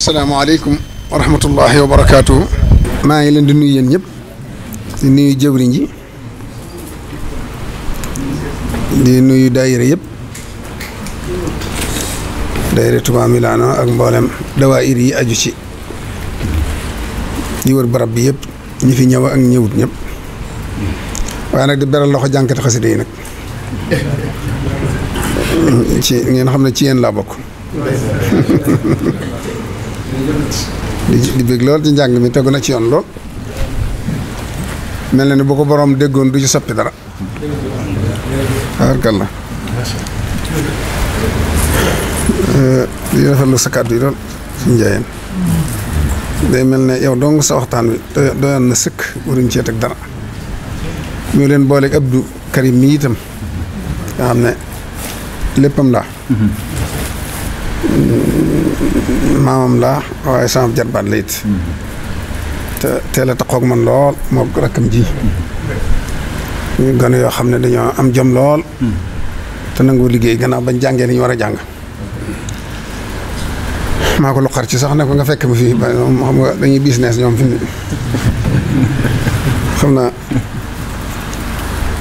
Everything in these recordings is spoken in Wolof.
salaamaaleykum wa rahmatullahi wa barakaatu. maa ngi leen di nuyu yéen ñëpp di nuyu jëwriñ di nuyu daayira yëpp daayira Touba Milano ak mboolem dawaayir yi aju ci yi wër barab bi yépp ñi fi ñëw ak ñëwut ñëpp waaye nag di beral loxo jànkati xasida nag ci xam ne ci yéen laa bokk. di bëgg lool ci njàng mi tegu na ci yoon lool mel na ni bu ko boroom déggoon du ci soppi dara tabarkalla eh, di rafetlu sa kàddu yi lool ci njaayeen day mel ne yow dong sa waxtaan wi doyoon na sëkk waruñ cee teg dara ñu leen booleeg Abdou Karim mi itam nga xam ne léppam laa mhm. maamam la waaye sama jarbaat la hmm. te teel a taxoog man lool moo rakkam ji hmm. ñu gën yoo xam ne dañoo am jom lool hmm. te nangu liggéey gannaaw bañ jàngee ni ñu war a jàng maa ko luqar ci sax ne nga fekk ma fii ba xam nga dañuy ñoom fi xam naa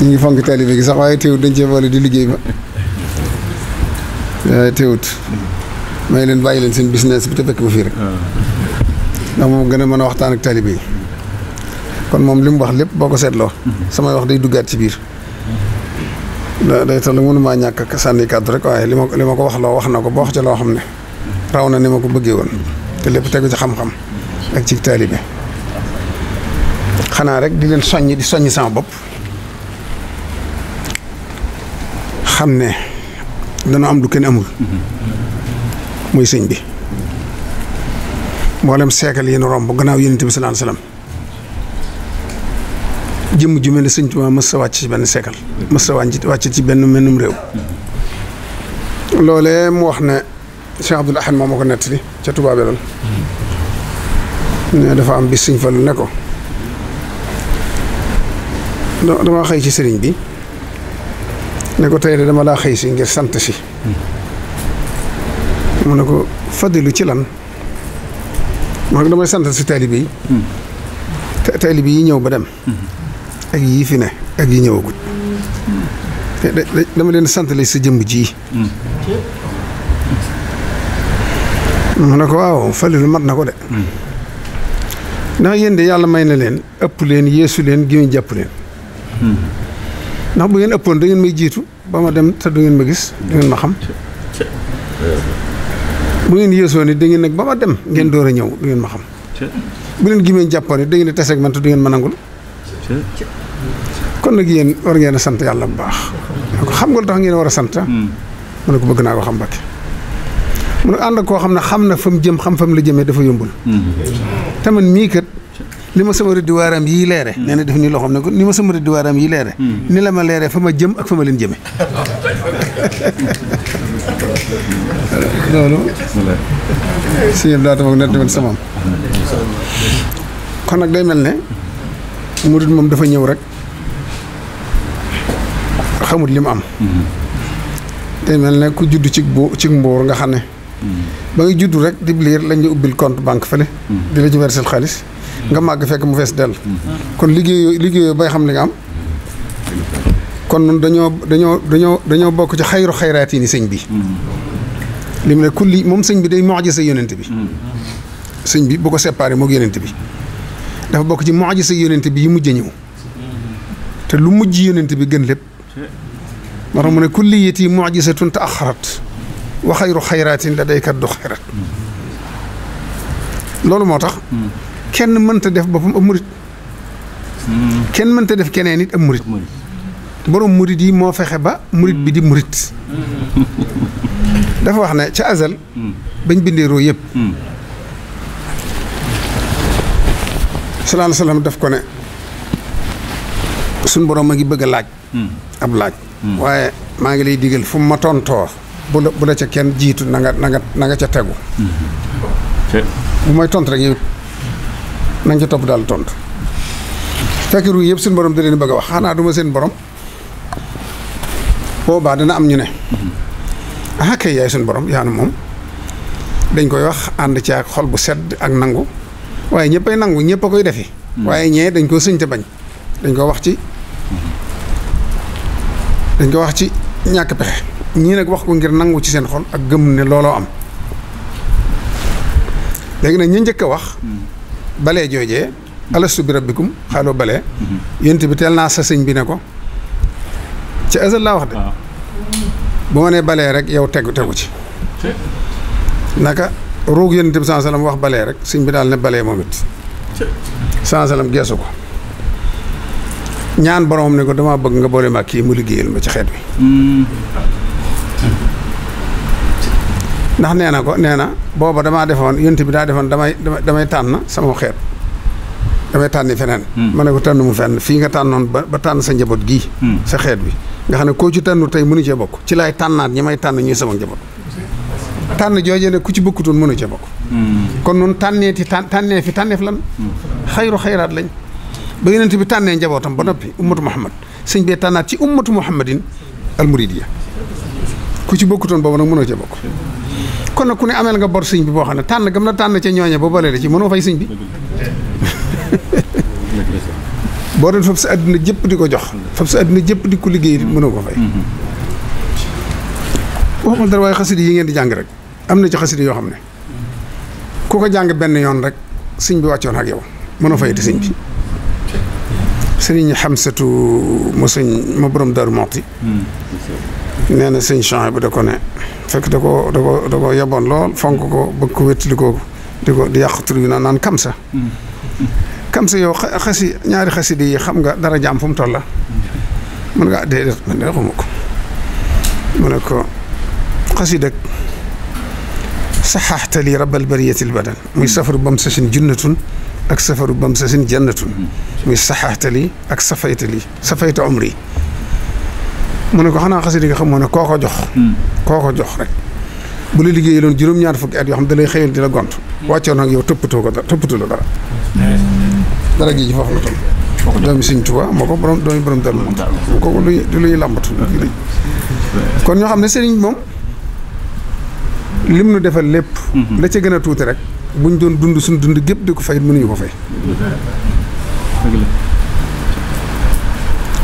ñu ngi fonk taalibe gi sax waaye teewut dañ cee boole di liggéey ba waaye teewut may leen bàyyi leen seen business bi te fekk ba fii rek. Ah. ndax moom gën a mën a waxtaan ak taalibe yi kon moom li mu wax lépp boo ko seetloo. Mm-hmm. samay wax day duggaat ci biir. day toll mënumaa ñàkk sànni kàddu rek waaye li ma li ko wax loo wax na ko ba wax loo xam ne raw na ni ma ko bëggee woon mm-hmm. te lépp tegu ci xam-xam ak ci taalibe xanaa rek di leen soññ di soññ sama bopp xam ne dana am du kenn amul. Mm-hmm. muy sëñ bi mboolem seekal yi nu romb gannaaw yonent bi sallallahu alayhi wasallam jëmm ni sëñ Tuubaa mës sa wàcc ci benn seekal mës sa wàcc ci benn mennum réew loolee mu wax ne Cheikh Abdoul Ahad moom moo ko nettali ca Touba Belal ne dafa am bis sëñ Fallu ne ko dama xëy ci sëriñ bi ne ko tey de dama laa xëy si ngir sant si mu ne ko fadilu ci lan moo damay sant si taalibe yi hmm. taalibe yi ñëw ba dem hmm. ak yii fi ne ak yi ñëw ñëwagut dama leen santale la sa jëmb ji hmm. mu ne ko waaw falilu mat na ko de ndax yéen de yàlla may na leen ëpp leen yeesu leen gi ñu jàpp leen ndax bu ngeen ëppoon da ngeen may jiitu ba ma dem te du ngeen ma gis du ngeen ma xam bu ngeen yéesoo ni da ngeen nag ba ma dem ngeen hmm. door a ñëw du ngeen ma xam bu leen gimeen jàppoon ni da ngeen di taseeg man te du ngeen ma kon nag yéen war ngeen a sant yàlla bu baax xam nga lu tax ngeen war a sant hmm. mu ne ko bëgg naa ko xam Mbàkke mu ne ànd koo xam ne xam na fa mu jëm xam fa mu la jëmee dafa yombul hmm. te man mii kat li ma sama rëddi waaraam yii leere nee def nii loxoom ne ko ni ma sama rëddi waaraam yii leere hmm. hmm. ni la ma leere fa ma jëm ak fa ma leen jëme loolu si yëpp daa tafoog nett man samam kon nag day mel ne murid moom dafa ñëw rek xamut li mu am hmm. day mel ne ku judd ci bu ci mbuur nga xam ne ba nga juddu rek di liir lañ la ubbil compte banque fële di la ci versel xaalis nga màgg fekk mu fees dell. kon liggéey liggéey bay xam li nga am. kon dañoo dañoo dañoo dañoo bokk ci xayru xayraatini sëñ bi. li mu ne kulli moom sëñ bi day mojisa yonent bi. sëñ bi bu ko séparé moog yonent bi. dafa bokk ci mojisa yonent bi yi mujj a ñëw. te lu mujj yonent bi gën lépp. moo tax mu ne kulliyati mojisatun te axarat wa xayru xayraatin la day kat du xayrat loolu moo tax. kenn mënta def boppam ab murit hmm. kenn mënta def keneen it ab murit borom murit yi moo fexe ba murit bi di hmm. murit dafa wax ne ca azal hmm. bañ bindee roo yëpp salaam salaam daf ko ne suñ boroom a ngi bëgg a laaj ab laaj waaye maa ngi lay digal fu ma tontoo bu la bu la ca kenn jiitu na nga nanga ca tegu bu may tont rek yow nañ ca topp daal tontu fekk ru yëpp suñu borom da leen bëgg a wax xanaa duma seen borom boobaa dana am ñu ne ah kay yaay suñu borom yaa nu moom dañ koy wax ànd ci ak xol bu sedd ak nangu waaye ñëppay nangu ñëpp a koy defi. Mm-hmm. waaye ñee dañ koo sëñ bañ dañ ko wax ci mm-hmm. dañ ko wax ci ñàkk pexe ñii nag wax ko ngir nangu ci seen xol ak gëm ne looloo am léegi nag ñu njëkk a wax. Mm-hmm. bale joojee alastu bi rabbikum xaaloo bale mhm. yént bi teel naa sa sëñ bi ne ko ci asal laa wax de ah. bu ma nee balee rek yow tegu tegu ci naka ruug yonent bi saa salaam wax balee rek sëñ bi daal ne balee moom it saa salaam geesu ko ñaan boromam ne ko damaa bëgg nga boole ma kii mu liggéeyal ma ci xeet wi hmm. ndax nee na ko nee na booba damaa defoon yonent bi daa defoon damay damay tànn sama xeet damay tànni feneen hmm. ma ne ko tànn mu fenn fii nga tànnoon ba ba tànn sa njaboot gii hmm. sa xeet bi nga xam ne koo ci tànnu tey mënu cee bokk ci laay tànnaat ñi may tànn ñuy sama njaboot tànn joojee ne ku ci bokkutoon mënu cee bokk hmm. kon noonu nun tànneeti tànnee fi tànneef lan xayru xayraat lañ ba yonent bi tànnee njabootam ba noppi ummatu muhammad sëñ bee tànnaat ci ummatu muhammadin al muridiyya ku ci bokkutoon boobu nag mënoo cee bokk kon ku ne ameel nga bor sëñ bi boo xam ne tànn gëm la tànn ca ñooña ba bale la ci mënoo fay sëñ bi boo doon fab sa àddina jëpp di ko jox fab sa àddina jëpp di ko liggéey mënoo ko fay mm-hmm. waxuma dara waaye xasida yi ngeen di jàng rek am na ci xasida yoo xam ne ku ko jàng benn yoon rek sëñ bi wàccoon ak yow mënoo fayati sëñ bi mm-hmm. sëriñ Xamsatu mu sëñ ma borom Daaru Muxti mm-hmm. nee na sëñ Chouaïb bu da ko fekk da ko da ko yeboon lool fonk ko bëgg ko wétali ko di ko di yàq tur bi naan naan kamsa kamsa yow xasi ñaari xasida yi xam nga dara jaam fu mu toll la mun nga déedéet man de xamu ko mu ne ko xasida saxaxta li rabal bariyati badan muy safaru bam sasin junnatun ak safaru bam sasin jannatun muy saxaxta li ak safayta li safayta omri mu ne ko xanaa xasida gi xam moo ne koo ko jox hmm. koo ko jox rek bu la liggéey loon juróom-ñaar fukki at yoo xam dalay lay xëyal di la gont wàccoon nag yow toppatoo ko dara toppatoo la dara dara gi ci foofu la toll doomi Sëñ Tuubaa moo ko borom doomi borom dal moom kooku lu du lu ñuy kon ñoo xam ne sëriñ moom lim nu defal lépp hmm. la ca gën a tuuti rek buñ doon dund suñ dund gépp di ko fay mënuñu ko fay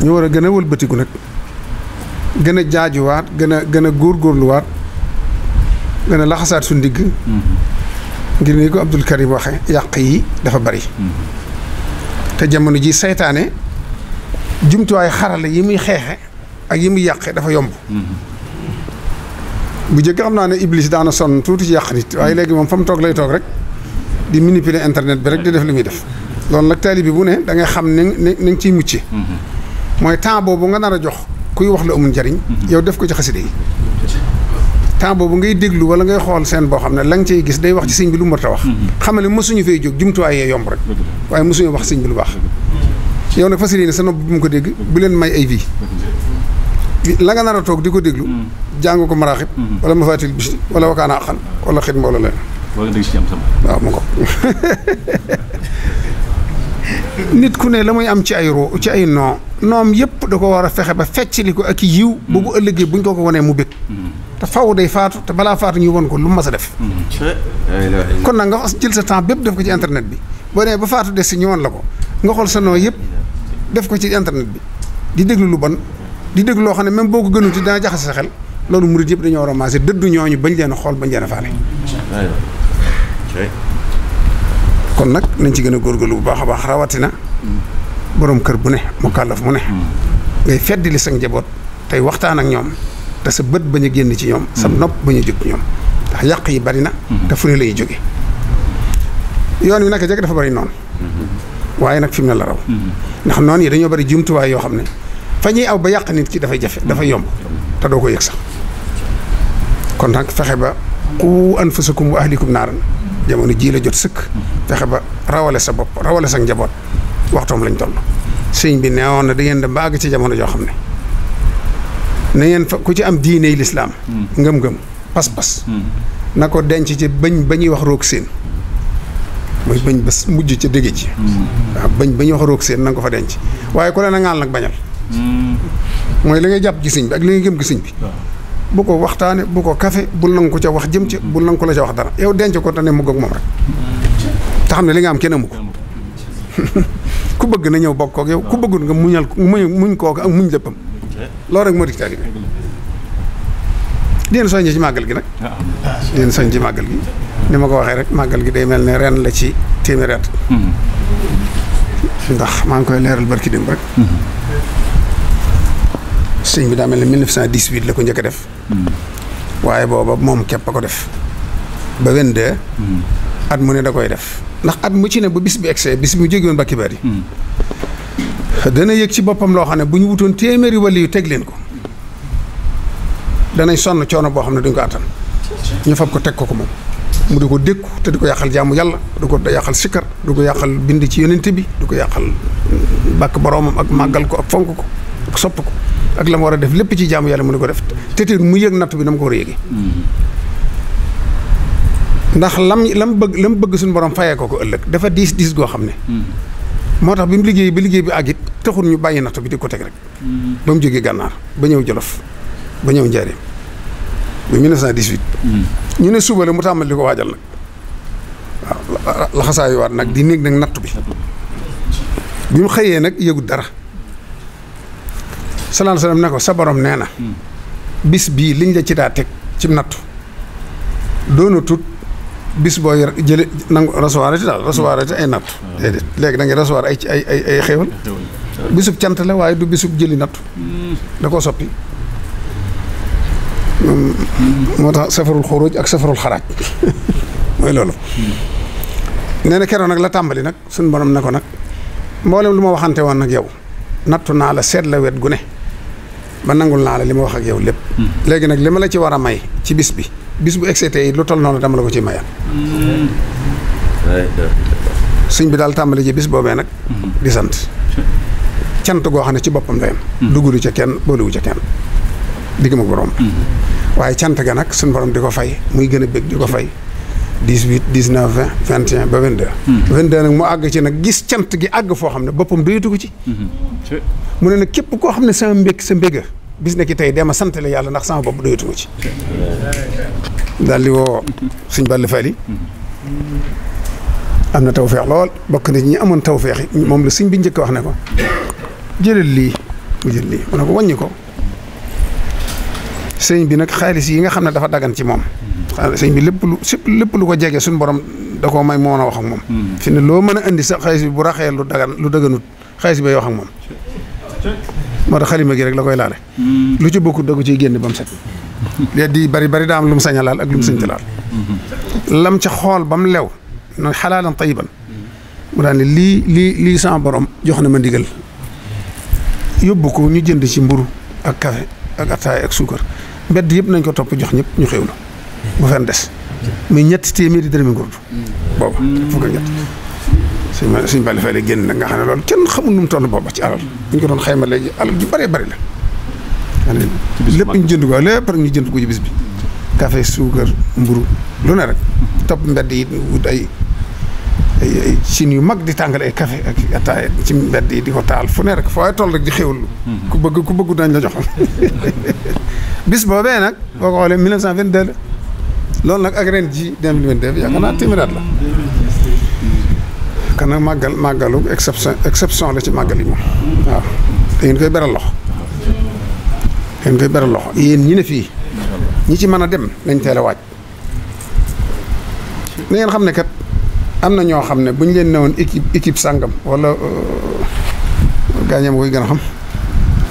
ñu war a gën a wëlbatiku nag gën a jaajuwaat gën a gën a góorgóorluwaat gën a laxasaat su ndigg mm-hmm. ngir ni ko Abdul Karim waxe yàq yi dafa bari mm-hmm. te jamono ji seytaane jumtuwaay xarala yi muy xeexe ak yi mu yàqe dafa yomb mm-hmm. bu jëkk xam naa ne Iblis daana sonn tuuti ci yàq nit waaye léegi moom fa mu toog lay toog rek di manipuler internet bi rek di def li muy def loolu nag taalibe bi bu ne da ngay xam ni ni nga ciy mucce mooy temps boobu nga nar a jox kuy wax lu amul njariñ mhm. yow def ko ci xasida yi taam boobu ngay déglu wala ngay xool seen boo xam ne la nga ciy gis day wax ci sëñ bi lu mu ta wax mhm. xam ne mosuñu fay jóg jumtuwaay yee yomb rek waaye mosuñu wax sëñ bi lu baax yow nag fas yéene sa nopp bu mu ko dégg bu leen may ay vie la nga nar a toog di ko déglu mhm. jàng ko maraaxib wala mafaatil bis wala wakaana aqan wala xidma wala leen waaw mu ko nit ku ne la muy am ci ay ro ci ay noo noom yëpp da ko war a fexe ba feccali ko ak yiw ba bu mm. ëllëgee buñ ko ko wanee mu bëgg mm. te faw day faatu te balaa faatu ñu won ko lu mu mas def mm. kon nag nga jël sa temps bépp def ko ci internet bi boo nee ba faatu si ñu la ko nga xool sa noo yëpp def ko ci internet bi di déglu lu bon di déglu loo xam ne même boo ko gënuti dana jaxase sa xel loolu murid yëpp dañoo war a maase dëddu ñooñu bañ leen a xool bañ leen a faale nag nañ ci gën a góorgóorlu bu baax a baax rawatina boroom kër bu ne mu kàllaf mu ne. ngay feddi li sa njaboot tey waxtaan ak ñoom te sa bët bañ a génn ci ñoom. sam mm. nopp bañ a jóg ñoom ndax yàq yi bari na. Mm-hmm. te fu ne lay jóge yoon wi naka jekk dafa bari noonu. Mm-hmm. waaye nag fi mu ne la raw. Mm-hmm. ndax noon yi dañoo bari jumtuwaay yoo xam ne fa ñuy aw ba yàq nit ki dafay jafe dafay yomb te doo ko yëg sax kon nag fexe ba qu anfusakum wa ahlikum naaran jamono jii la jot sëkk fexe ba rawale sa bopp rawale sa njaboot waxtoom lañ toll sëñ bi neewoon na da ngeen da baag ci jamono joo xam ne na ngeen fa ku ci am diine yi lislaam hmm. ngëm-ngëm pas-pas hmm. na ko denc ci bañ ba ñuy wax roog seen mooy bañ ba mujj ca dégg ci hmm. waaw bañ ba ñuy wax rook seen na ko fa denc waaye ku leen a ŋaal nag bañal mooy li ngay jàpp gisiñ bi ak li ngay gëm gisiñ bi bu ko waxtaanee bu ko kafe bul nangu ko ca wax jëm ci bul nangu ko la ca wax dara yow denc ko te ne mugg ak moom rek te xam ne li nga am kenn amu ko ku bëgg na ñëw bokk kook yow ku bëggul nga muñal muñ muñ kook ak muñ léppam loolu rek moo di taalibe di leen soññ ci màggal gi nag di leen màggal gi ni ma ko waxee rek màggal gi day mel ne ren la ci téeméeri at hmm. ndax maa ngi koy leeral barki démb rek sëñ bi daa mel ne 1918 la ko njëkk a def. Hmm. waaye booba moom képp a ko def. ba de hmm. at mu ne da koy def ndax at mu ci ne ba bis bi egsee bis bi mu jóge woon ba yi. Hmm. dana yëg ci boppam loo xam ne bu ñu wutoon téeméeri wàll yu teg leen ko. danañ sonn coono boo xam ne duñ ko attan. ñu fab ko teg ko ko moom. mu di ko dékku te du ko yàqal jaamu yàlla du ko yàqal sikkar du ko yàqal bind ci yonent bi du ko yàqal mm, bàkk boroomam ak màggal ko ak ko ak ko ak la ma war a def lépp ci jaamu yàlla mënu ko def te te mu yëg natt bi na mu ko war a yëgee. ndax lam lam bëgg lam bëgg suñu borom fayee ko ko ëllëg dafa diis diis goo xam ne. moo tax bi mu liggéey bi liggéey bi àgg it taxul ñu bàyyi natt bi di ko teg rek. ba mu jógee gànnaar ba ñëw jolof ba ñëw njaareem ba 1918. ñu ne suba mu tàmbali di ko waajal nag. waaw laxasaayuwaat nag di néeg nag nattu bi. bi mu xëyee nag yëgut dara. salaam salaam ne ko sa borom nee na. Hmm. bis bii liñ la ci daa teg ci nattu doona tut bis booy jële nangu recevoir daal recevoir ay nattu hmm. déedéet léegi da ay ay ay ay cant la waaye du bisub jëli nattu hmm. da koo soppi moo tax safarul xuruj ak safarul xaraaj mooy loolu nee na keroon nag la tàmbali nag suñ borom ne ko nag mboolem lu ma waxante woon nag yow nattu naa la seet la wet gu ba nangul naa la li ma wax ak yow lépp. Hmm. léegi nag li ma la ci war a may ci bis bi bis bu excité yi lu toll noonu dama la ko ciy mayal. suñ bi daal tàmbali ci bis boobee nag. Hmm. di sant. cant goo xam ne ci boppam la yem. Hmm. ca kenn booluwu ca kenn digg ma borom. waaye cant ga nag suñ borom di ko fay muy gën a bég di ko fay. 18 19 20 21 ba 22. 22 hmm. nag mu àgg ci nag gis cant gi àgg foo xam ne boppam doyatu ko ci. Hmm. mu ne nag képp koo xam ne sama mbég sa mbéga bis na ki tey dama sant la yàlla ndax sama bopp doyatu ko ci. Hmm. daal di woo suñ Balla Fally. am na taw feex lool bokk na ñu amoon tawfeex yi moom la suñ bi njëkk wax ne ko jëlal lii mu jël lii mu ne ko wàññi ko sëñ bi nag xaalis yi nga xam ne dafa dagan ci moom. sëñ bi lépp lu lépp lu ko jege suñu borom da koo may moo na a moom. Hmm. fi ne loo mën a indi sax xaalis bi bu raxee lu lu daganut xaalis bay wax ak moom. moo tax xalima gi rek la koy laale. Hmm. lu ci bokkut da ko ciy génn ba mu set. léegi hmm. di bari bari daa lu mu sañ laal ak lu mu sañ a ca xool ba lew noonu xalaalan tayiban mu lii lii lii sama borom jox na ma ndigal yóbbu ko ñu jënd ci mburu ak café ak attaay ak suukar mbedd yëpp nañ ko topp jox ñëpp ñu xéwlu. bu fen des muy ñetti téeméeri dërëmi ngurdu booba fukk ak ñett suñ ma fay la génn nag nga xam ne loolu kenn xamul nu mu toll booba ci alal bu ñu ko doon xayma ju bëree bëri la lépp ñu jënd ko lépp rek ñu jënd ko ci bis bi café suukar mburu lu ne rek topp yi wut yu mag di tàngal ay ak ataaya ci mbedd yi di ko taal fu ne rek foo toll rek di xéwlu hmm. ku bëgg ku bëggu dañ la jox bis boobee nag boo ko xoolee 1922 la loolu nag ak ren ji 2022 yaakaar naa téeméeraat la. kan nag màggal màggalu exception exception la ci màggal yi moom waaw da ngeen koy beral loxo da ngeen koy beral loxo yéen ñu ne fii ñu ci mën a dem nañ teel a waaj na ngeen xam ne kat am na ñoo xam ne bu ñu leen woon équipe équipe sàngam wala euh, gaañam koy gën a xam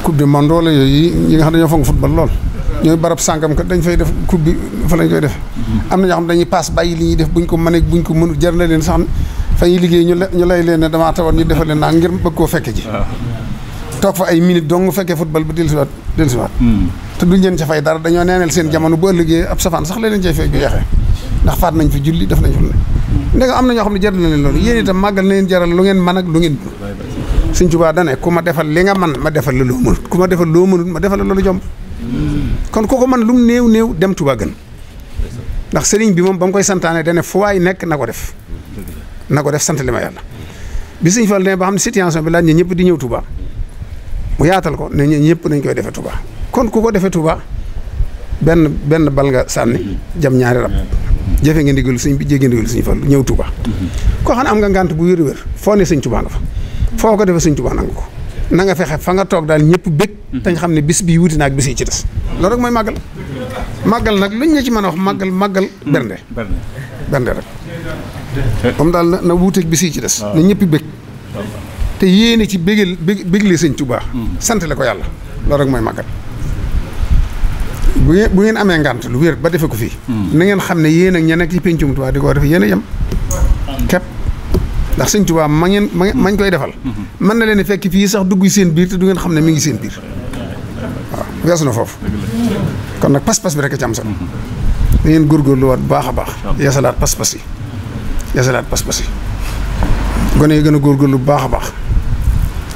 coupe du monde wala yooyu yi nga xam ne dañoo fonk football lool ñooy barab sàngam kat dañ fay def coupe fa lañ koy def am na ñoo xam dañuy paas bàyyi li ñuy def buñ ko ko mënul jar na leen sax fa ñuy liggéey ñu ñu lay leen ne tawoon ñu defal leen naa ngir bëgg koo fekke ji ah. toog fa ay fekkee football ba dellusiwaat dellusiwaat hmm. te duñ leen ca fay dañoo neeneel seen jamono bu ëllëgee ab safaan sax la leen cay fay ndax faat nañ fi julli def nañ fi ne ndega am na ñoo xam ne jaral na leen loolu yéen itam màggal na leen jaral lu ngeen man ak lu ngeen Sëñ Tuubaa dane ku ma defal li nga man ma defal la loo mënut ku ma defal loo mënut ma defal la loolu jomb kon kooku man lu néew néew dem Touba ndax sëriñ bi moom ba koy santaane dane fu nekk na ko def na ko def sant li bi sëñ Fall ne ba xam ne situation bi laaj ne ñëpp di ñëw Touba mu yaatal ko ne ñëpp nañ koy defee kon ku ko defee Touba benn benn bal nga sànni jam ñaari rab jëfe ngeen ndigal sëñ bi jéggi ndigal sëñ Fall ñëw Touba ko xam ne am nga ngànt bu wér wér foo ne sëñ Touba nga fa foo ko defee sëñ Touba nangu ko na nga fexe fa nga toog daal ñëpp bég mhm. te xam ne bis bii wuti naag ak yi ci des loolu rek mooy màggal màggal nag luñ la ci mën a wax màggal màggal mm, bernde bernde rek moom daal na wuuteeg bis yi ci des na ñëpp bég te yéene ci bég bégle sëñ Tuubaa mm. sant la ko yàlla loolu rek mooy màggal bu ngeen bu ngeen amee ngant lu wér ba defe ko fii mm. na ngeen xam ne yéen ak ña nekk ci péncum di ko defe yéen a yem képp ndax sëñ Tuubaa ma ngeen ma ngi koy defal. Mm-hmm. mën na leen fekk fii sax dugg seen biir te du ngeen xam ne mu ngi seen biir waaw weesu na foofu. kon nag pas-pas bi rek a ci am sax. da mm-hmm. ngeen góorgóorluwaat bu baax a baax. yeesalaat pas-pas yi yeesalaat pas-pas yi. gone yi gën a góorgóorlu bu baax a baax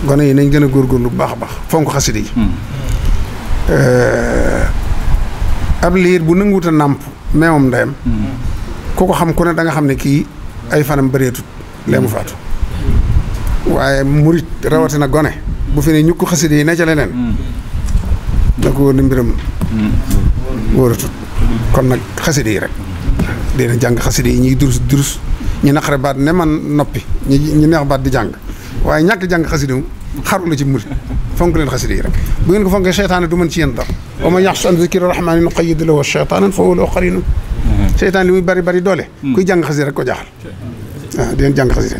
gone yi nañ gën a góorgóorlu lu baax a baax fonk xasida yi. Mm-hmm. Euh, ab liir bu nanguwut a nàmp meewam ndeyam. ku ko xam ku ne da nga xam ne kii ay fanam bëreetut. lee mu hmm. faatu waaye murit rawatina gone bu fi ne ñukk xasida yi ne ca leneen da hmm. ko wóor ni mbiram hmm. kon nag xasida yi rek dina jàng xasida yi ñuy durus durus ñu naqare baat ne man noppi ñu neex baat di jàng waaye ñàkk jàng xasida moom xaru la ci murit fonk leen xasida yi rek bu ngeen ko fonkee seytaane du mën ci yéen dara wa a yaxsu an zikri rahmaani nuqayyid lahu sheytaanan fa huwa lahu qariinun seytaan li muy bari bari doole kuy jàng xasida rek ko waaw ah, di leen jàng xasida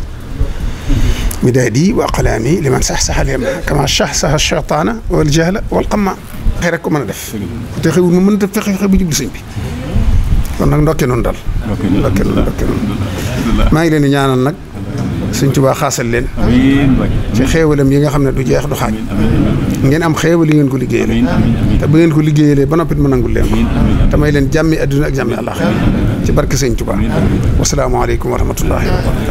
midaadi wa qalaami liman sax sax al yama kama sax sax cheytaana wal jahla wal qamma xëy rek ko mën a def te xewul mu mën a def fexe fexe bu jublu sëñ bi kon nag ndokke noonu daal ndokke noonu ndokke noonu maa ngi leen di ñaanal nag sëñ Tuubaa xaasal leen ci xéewalam yi nga xam ne du jeex du xaaj ngeen am xéewal yi ngeen ko liggéeyale te bu ngeen ko liggéeyalee ba noppit ma nangul leen ko te may leen jàmmi adduna ak jàmmi àllaaxira ci barke sëñ Tuubaa wasalaamu aleykum wa